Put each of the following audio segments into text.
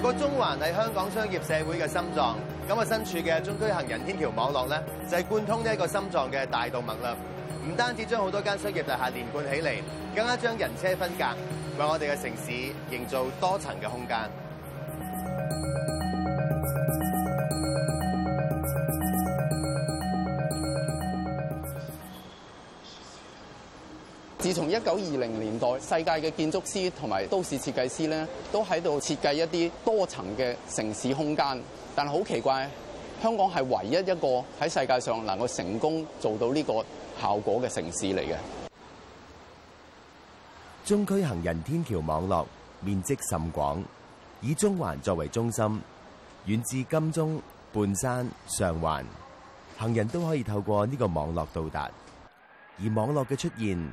如果中環係香港商業社會嘅心臟，咁啊，身處嘅中區行人天橋網絡咧，就係貫通呢一個心臟嘅大動脈啦。唔單止將好多間商業大廈連貫起嚟，更加將人車分隔，為我哋嘅城市營造多層嘅空間。一九二零年代，世界嘅建築師同埋都市設計師呢，都喺度設計一啲多層嘅城市空間。但好奇怪，香港係唯一一個喺世界上能夠成功做到呢個效果嘅城市嚟嘅。中區行人天橋網絡面積甚廣，以中環作為中心，遠至金鐘、半山、上環，行人都可以透過呢個網絡到達。而網絡嘅出現。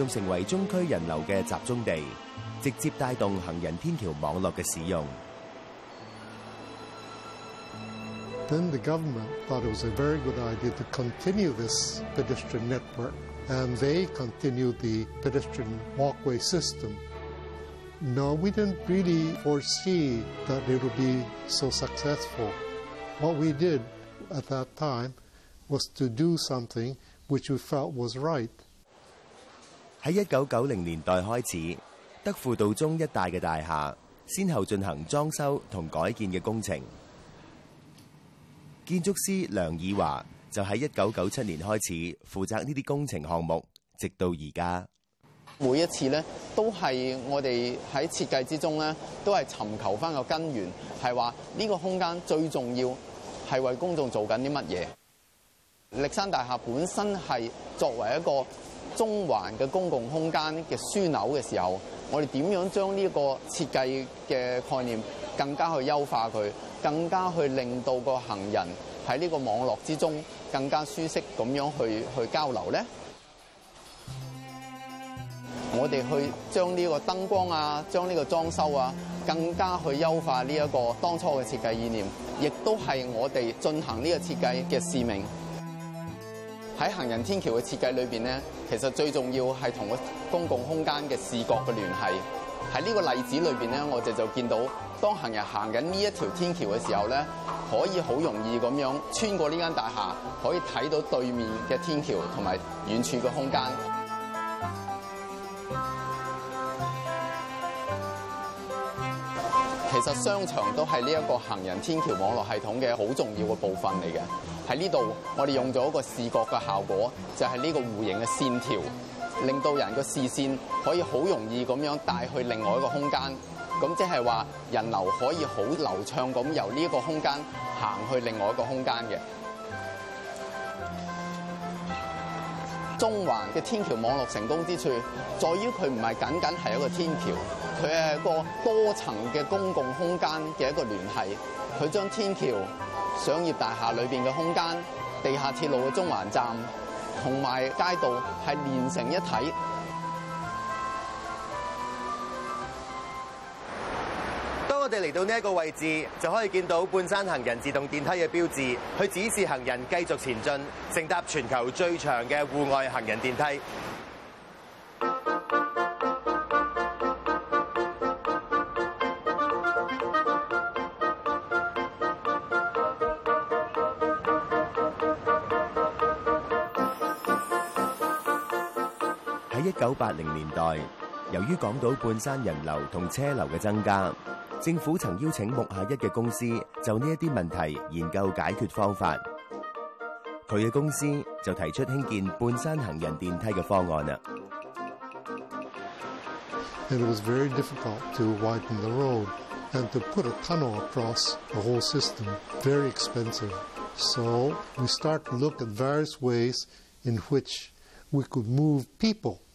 仲成為中區人流嘅集中地，直接帶動行人天橋網絡嘅使用。Then the government thought it was a very good idea to continue this pedestrian network, and they continued the pedestrian walkway system. Now, we didn't really foresee that it would be so successful. What we did at that time was to do something which we felt was right. 喺一九九零年代開始，德輔道中一帶嘅大廈先後進行裝修同改建嘅工程。建築師梁以華就喺一九九七年開始負責呢啲工程項目，直到而家。每一次呢，都係我哋喺設計之中呢，都係尋求翻個根源，係話呢個空間最重要係為公眾做緊啲乜嘢。歷山大廈本身係作為一個中環嘅公共空間嘅樞紐嘅時候，我哋點樣將呢一個設計嘅概念更加去優化佢，更加去令到個行人喺呢個網絡之中更加舒適咁樣去去交流呢？我哋去將呢個燈光啊，將呢個裝修啊，更加去優化呢一個當初嘅設計意念，亦都係我哋進行呢個設計嘅使命。喺行人天橋嘅設計裏邊咧，其實最重要係同個公共空間嘅視覺嘅聯繫。喺呢個例子裏邊咧，我哋就見到當行人行緊呢一條天橋嘅時候咧，可以好容易咁樣穿過呢間大廈，可以睇到對面嘅天橋同埋遠處嘅空間。其實商場都係呢一個行人天橋網絡系統嘅好重要嘅部分嚟嘅。喺呢度，我哋用咗一個視覺嘅效果，就係、是、呢個戶型嘅線條，令到人嘅視線可以好容易咁樣帶去另外一個空間，咁即係話人流可以好流暢咁由呢一個空間行去另外一個空間嘅。中環嘅天橋網絡成功之處在於，佢唔係僅僅係一個天橋，佢一個多層嘅公共空間嘅一個聯繫，佢將天橋。商業大廈裏邊嘅空間、地下鐵路嘅中環站同埋街道係連成一體。當我哋嚟到呢一個位置，就可以見到半山行人自動電梯嘅標誌，去指示行人繼續前進，乘搭全球最長嘅戶外行人電梯。九八零年代，由於港島半山人流同車流嘅增加，政府曾邀請木下一嘅公司就呢一啲問題研究解決方法。佢嘅公司就提出興建半山行人電梯嘅方案啦。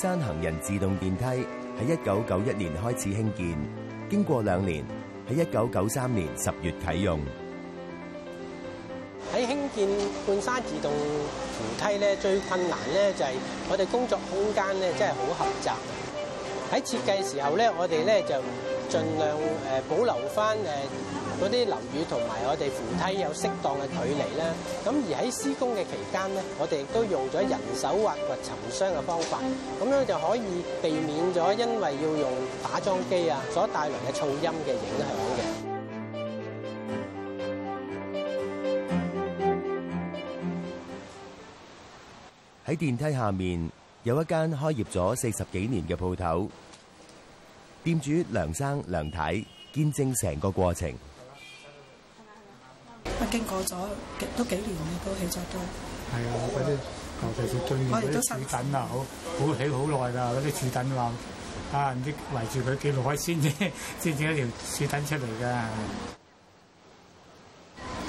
山行人自動電梯喺一九九一年開始興建，經過兩年，喺一九九三年十月啟用。喺興建半山自動扶梯咧，最困難咧就係我哋工作空間咧真係好狹窄。喺設計時候咧，我哋咧就盡量誒保留翻誒。嗰啲樓宇同埋我哋扶梯有適當嘅距離啦。咁而喺施工嘅期間呢，我哋都用咗人手挖掘沉箱嘅方法，咁樣就可以避免咗因為要用打樁機啊所帶來嘅噪音嘅影響嘅。喺電梯下面有一間開業咗四十幾年嘅鋪頭，店主梁生梁太見證成個過程。經過咗都幾年啦，都起咗都係啊，嗰啲尤啲薯粉啊，好好起好耐㗎。嗰啲柱躉啊，啊唔知圍住佢幾耐海鮮先先整一條柱躉出嚟㗎。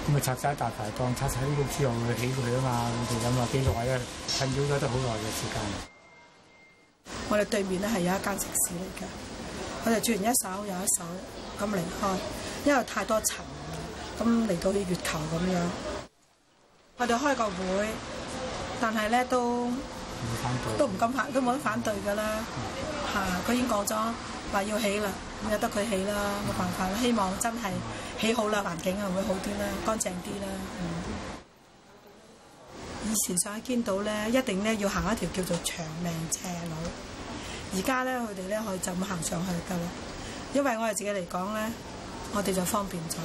咁啊拆晒大排檔，拆晒呢木柱上去起佢啊嘛，咁樣啊幾耐啊，費咗都好耐嘅時間。我哋對面咧係有一間食肆嚟㗎，我哋轉完一手又一手咁離開，因為太多塵。咁嚟到啲月球咁樣，我哋開個會，但係咧都都唔敢行，都冇得反對噶啦。吓，佢已經講咗話要起啦，咁有得佢起啦，冇辦法啦。希望真係起好啦，環境啊會好啲啦，乾淨啲啦。嗯，以前上去堅道咧，一定咧要行一條叫做長命斜路，而家咧佢哋咧可以就咁行上去噶啦，因為我哋自己嚟講咧，我哋就方便咗。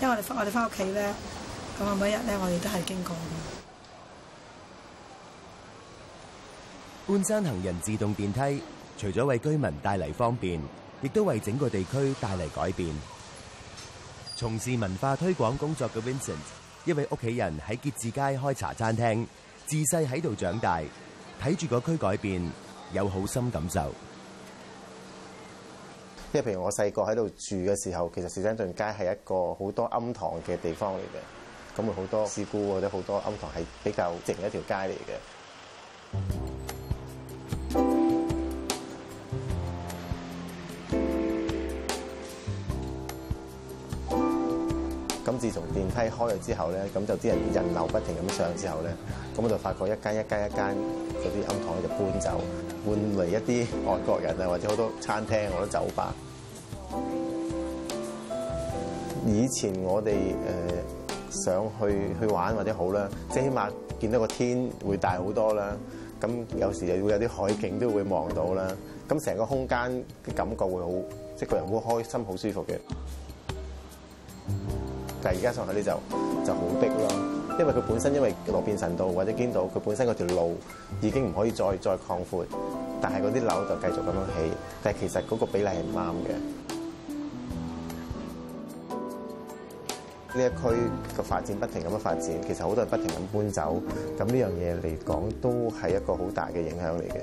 因為我哋翻我哋翻屋企咧，咁啊每一日咧，我哋都係經過半山行人自動電梯，除咗為居民帶嚟方便，亦都為整個地區帶嚟改變。從事文化推廣工作嘅 Vincent，一位屋企人喺結志街開茶餐廳，自細喺度長大，睇住個區改變，有好深感受。即係譬如我細個喺度住嘅時候，其實小山盡街係一個好多庵堂嘅地方嚟嘅，咁會好多事故或者好多庵堂係比較靜的一條街嚟嘅。電梯開咗之後咧，咁就啲人人流不停咁上之後咧，咁我就發覺一間一間一間嗰啲庵堂就搬走，換嚟一啲外國人啊，或者好多餐廳好多酒吧。以前我哋想、呃、去去玩或者好啦，即係起碼見到個天會大好多啦，咁有時就會有啲海景都會望到啦，咁成個空間嘅感覺會好，即係個人會開心好舒服嘅。但係而家上去咧就就好逼咯，因為佢本身因為羅便臣道或者堅道，佢本身嗰條路已經唔可以再再擴闊，但係嗰啲樓就繼續咁樣起，但係其實嗰個比例係唔啱嘅。呢、嗯、一區個發展不停咁樣發展，其實好多人不停咁搬走，咁呢樣嘢嚟講都係一個好大嘅影響嚟嘅。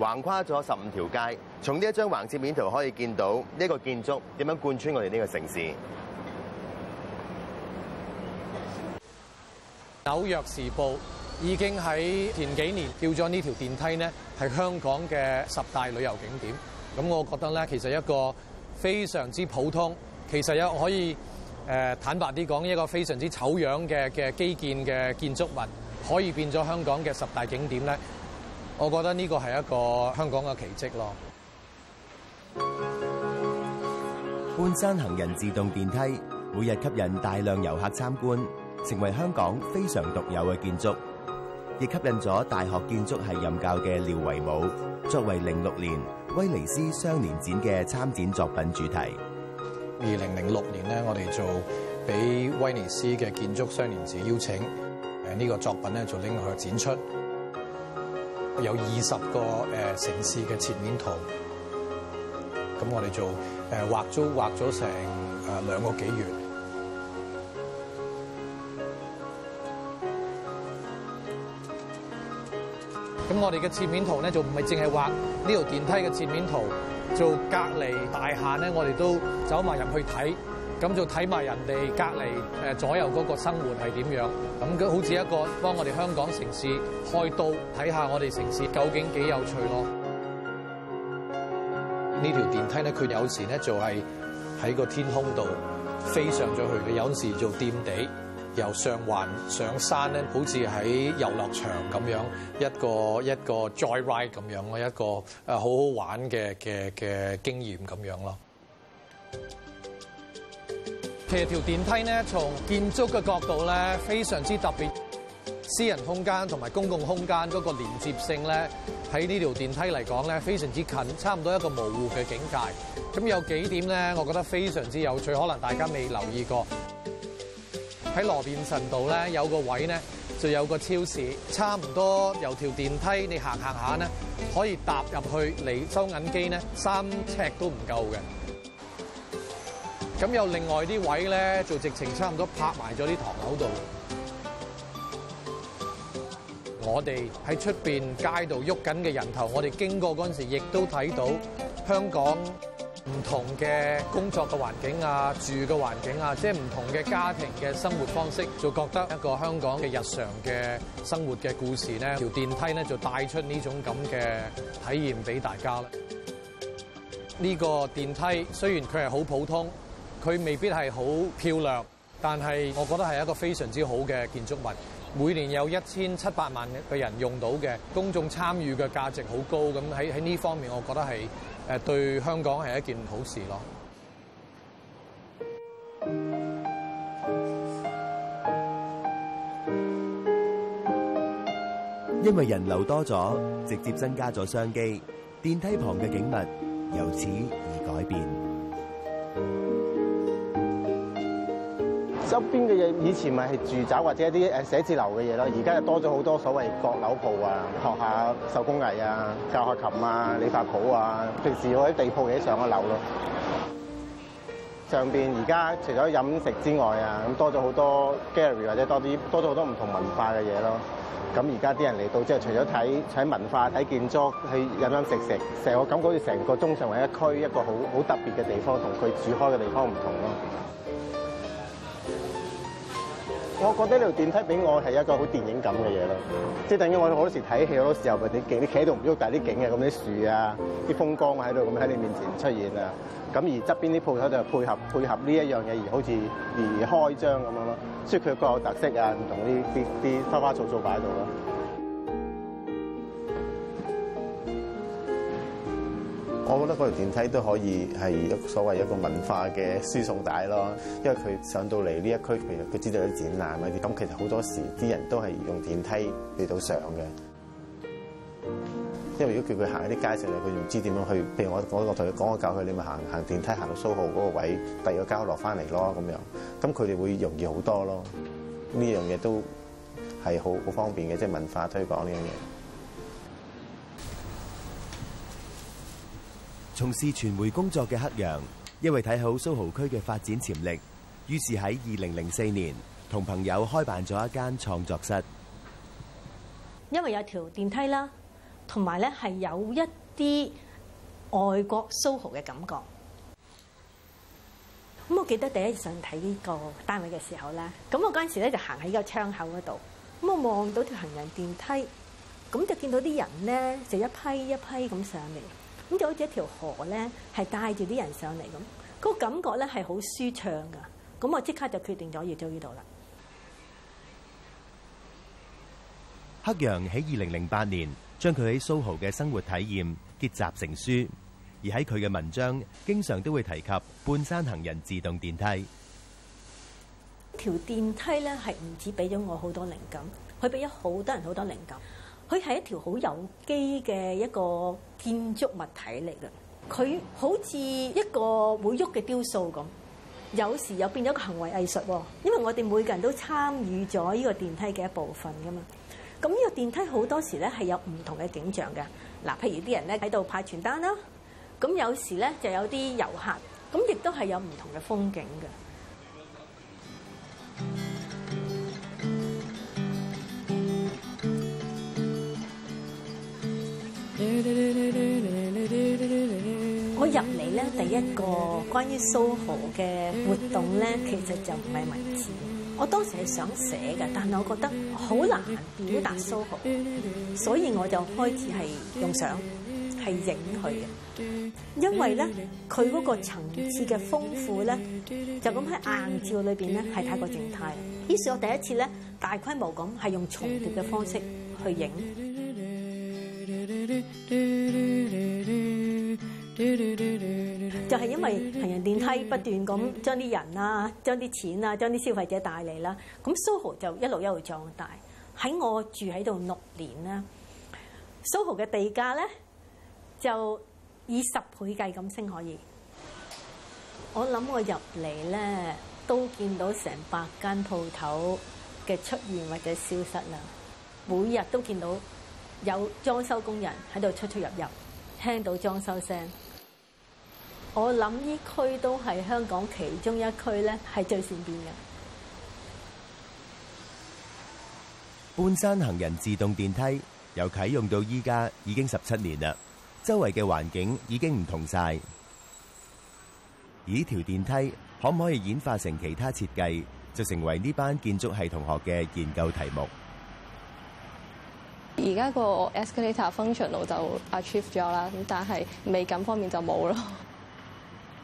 橫跨咗十五條街，從呢一張橫切面圖可以見到呢個建築點樣貫穿我哋呢個城市。紐約時報已經喺前幾年叫咗呢條電梯，呢係香港嘅十大旅遊景點。咁我覺得呢，其實一個非常之普通，其實有可以誒坦白啲講，一個非常之醜樣嘅嘅基建嘅建築物，可以變咗香港嘅十大景點呢。我覺得呢個係一個香港嘅奇蹟咯。半山行人自動電梯每日吸引大量遊客參觀，成為香港非常獨有嘅建築，亦吸引咗大學建築系任教嘅廖維武作為零六年威尼斯雙年展嘅參展作品主題。二零零六年呢，我哋做俾威尼斯嘅建築雙年展邀請，誒、這、呢個作品咧就拎去展出。有二十個誒、呃、城市嘅切面圖，咁我哋做誒、呃、畫圖畫咗成、呃、兩個幾月。咁我哋嘅切面圖咧，就唔係淨係畫呢條電梯嘅切面圖，做隔離大廈咧，我哋都走埋入去睇，咁就睇埋人哋隔離左右嗰個生活係點樣，咁佢好似一個幫我哋香港城市開刀，睇下我哋城市究竟幾有趣咯。呢條電梯咧，佢有時咧就係喺個天空度飛上咗去嘅，有時做墊地，由上環上山咧，好似喺遊樂場咁樣，一個一個 joy ride 咁樣一個、啊、好好玩嘅嘅嘅經驗咁樣咯。其實條電梯咧，從建築嘅角度咧，非常之特別。私人空間同埋公共空間嗰個連接性咧，喺呢條電梯嚟講咧，非常之近，差唔多一個模糊嘅境界。咁有幾點咧，我覺得非常之有趣，可能大家未留意過。喺羅便臣道咧，有個位咧，就有個超市，差唔多由條電梯你行行下咧，可以踏入去離收銀機咧三尺都唔夠嘅。咁有另外啲位咧，就直情差唔多拍埋咗啲堂口度。我哋喺出邊街道喐緊嘅人頭，我哋經過嗰陣時，亦都睇到香港唔同嘅工作嘅環境啊，住嘅環境啊，即係唔同嘅家庭嘅生活方式，就覺得一個香港嘅日常嘅生活嘅故事咧，條電梯咧就帶出呢種咁嘅體驗俾大家啦。呢個電梯雖然佢係好普通。佢未必係好漂亮，但係我覺得係一個非常之好嘅建築物。每年有一千七百萬嘅人用到嘅，公眾參與嘅價值好高。咁喺喺呢方面，我覺得係誒對香港係一件好事咯。因為人流多咗，直接增加咗商機。電梯旁嘅景物由此而改變。周邊嘅嘢以前咪係住宅或者一啲誒寫字樓嘅嘢咯，而家就多咗好多所謂閣樓鋪啊，學下手工藝啊，教學琴啊，理髮鋪啊，平時嗰喺地鋪嘢上咗樓咯。上邊而家除咗飲食之外啊，咁多咗好多 gallery 或者多啲多咗好多唔同文化嘅嘢咯。咁而家啲人嚟到即係除咗睇睇文化睇建築，去飲飲食食，成個感覺好似成個中上環一區一個好好特別嘅地方，同佢住開嘅地方唔同咯。我覺得呢條電梯俾我係一個好電影感嘅嘢咯，即係等於我好多時睇戲好多時候咪啲景你企喺度唔喐，但係啲景啊咁啲樹啊啲風光喺度咁喺你面前出現啊，咁而側邊啲鋪頭就配合配合呢一樣嘢而好似而開張咁樣咯，所以佢各有特色啊，唔同啲啲啲花花草草擺喺度咯。我覺得嗰條電梯都可以係所謂一個文化嘅輸送帶咯，因為佢上到嚟呢一區，譬如佢知道有啲展覽啲，咁其實好多時啲人都係用電梯去到上嘅。因為如果叫佢行喺啲街上咧，佢唔知點樣去。譬如我我我同佢講我教佢，你咪行行電梯行到蘇豪嗰個位，第二個交落翻嚟咯咁樣。咁佢哋會容易好多咯。呢樣嘢都係好好方便嘅，即係文化推廣呢樣嘢。從事傳媒工作嘅黑羊，因為睇好蘇豪區嘅發展潛力，於是喺二零零四年同朋友開辦咗一間創作室。因為有條電梯啦，同埋咧係有一啲外國蘇豪嘅感覺。咁我記得第一次上睇呢個單位嘅時候咧，咁我嗰陣時咧就行喺個窗口嗰度，咁我望到條行人電梯，咁就見到啲人咧就一批一批咁上嚟。咁就好似一條河咧，係帶住啲人上嚟咁，嗰、那個感覺咧係好舒暢噶。咁我即刻就決定咗要做呢度啦。黑羊喺二零零八年將佢喺蘇豪嘅生活體驗結集成書，而喺佢嘅文章經常都會提及半山行人自動電梯。條電梯咧係唔止俾咗我好多靈感，佢俾咗好多人好多靈感。佢係一條好有機嘅一個建築物體嚟嘅，佢好似一個會喐嘅雕塑咁，有時又變咗個行為藝術喎。因為我哋每個人都參與咗呢個電梯嘅一部分噶嘛，咁呢個電梯好多時咧係有唔同嘅景象嘅。嗱，譬如啲人咧喺度派傳單啦，咁有時咧就有啲遊客，咁亦都係有唔同嘅風景嘅。入嚟咧，第一個關於蘇豪嘅活動咧，其實就唔係文字。我當時係想寫嘅，但係我覺得好難表達蘇豪，所以我就開始係用相，係影佢嘅。因為咧，佢嗰個層次嘅豐富咧，就咁喺硬照裏邊咧係太過靜態。於是，我第一次咧大規模咁係用重疊嘅方式去影。就係、是、因為行人電梯不斷咁將啲人啦、啊、將啲錢啦、啊、將啲消費者帶嚟啦，咁 SOHO 就一路一路壯大。喺我住喺度六年啦，SOHO 嘅地價咧就以十倍計咁升可以。我諗我入嚟咧都見到成百間鋪頭嘅出現或者消失啦，每日都見到有裝修工人喺度出出入入，聽到裝修聲。我諗呢區都係香港其中一區咧，係最善變嘅。半山行人自動電梯由啟用到依家已經十七年啦，周圍嘅環境已經唔同晒。而呢條電梯可唔可以演化成其他設計，就成為呢班建築系同學嘅研究題目。而家個 escalator function 就 achieve 咗啦，咁但係美感方面就冇咯。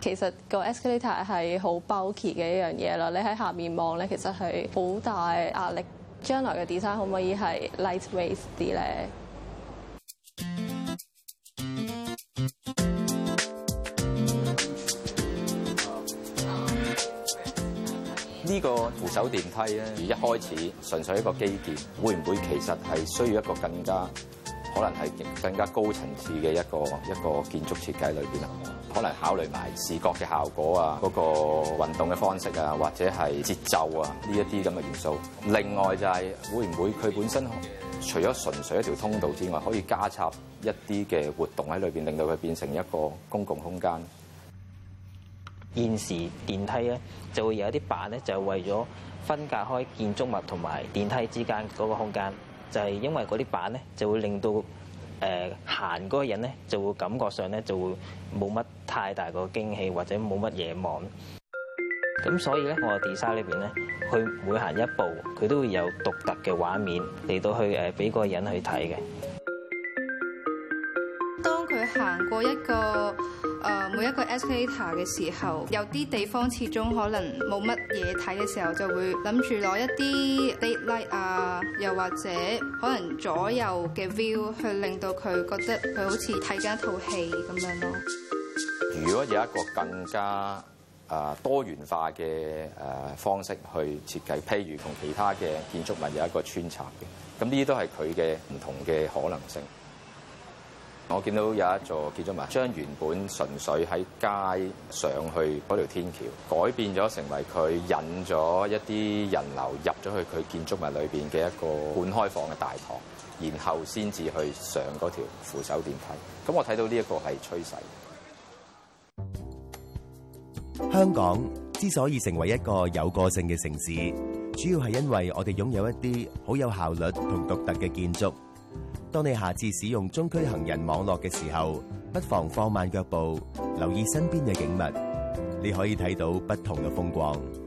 其實個 escalator 係好 bulky 嘅一樣嘢啦，你喺下面望咧，其實係好大壓力。將來嘅 design 可唔可以係 lightweight 啲咧？呢個扶手電梯咧，而一開始純粹一個基建，會唔會其實係需要一個更加可能係更加高層次嘅一個一個建築設計裏面，啊，可能考慮埋視覺嘅效果啊，嗰個運動嘅方式啊，或者係節奏啊呢一啲咁嘅元素。另外就係會唔會佢本身除咗純粹一條通道之外，可以加插一啲嘅活動喺裏面，令到佢變成一個公共空間？現時電梯咧就會有一啲板咧，就係為咗分隔開建築物同埋電梯之間嗰個空間。就係、是、因為嗰啲板咧，就會令到誒行嗰個人咧，就會感覺上咧就會冇乜太大個驚喜或者冇乜嘢望。咁所以咧，我 design 裏面咧，佢每行一步，佢都會有獨特嘅畫面嚟到去誒，俾、呃、嗰個人去睇嘅。當佢行過一個，誒每一個 escalator 嘅時候，有啲地方始終可能冇乜嘢睇嘅時候，就會諗住攞一啲 daylight 啊，又或者可能左右嘅 view 去令到佢覺得佢好似睇緊一套戲咁樣咯。如果有一個更加誒多元化嘅誒方式去設計，譬如同其他嘅建築物有一個穿插嘅，咁呢啲都係佢嘅唔同嘅可能性。我見到有一座建築物，將原本純粹喺街上上去嗰條天橋，改變咗成為佢引咗一啲人流入咗去佢建築物裏面嘅一個半開放嘅大堂，然後先至去上嗰條扶手電梯。咁我睇到呢一個係趨勢。香港之所以成為一個有個性嘅城市，主要係因為我哋擁有一啲好有效率同獨特嘅建築。當你下次使用中區行人網絡嘅時候，不妨放慢腳步，留意身邊嘅景物，你可以睇到不同嘅風光。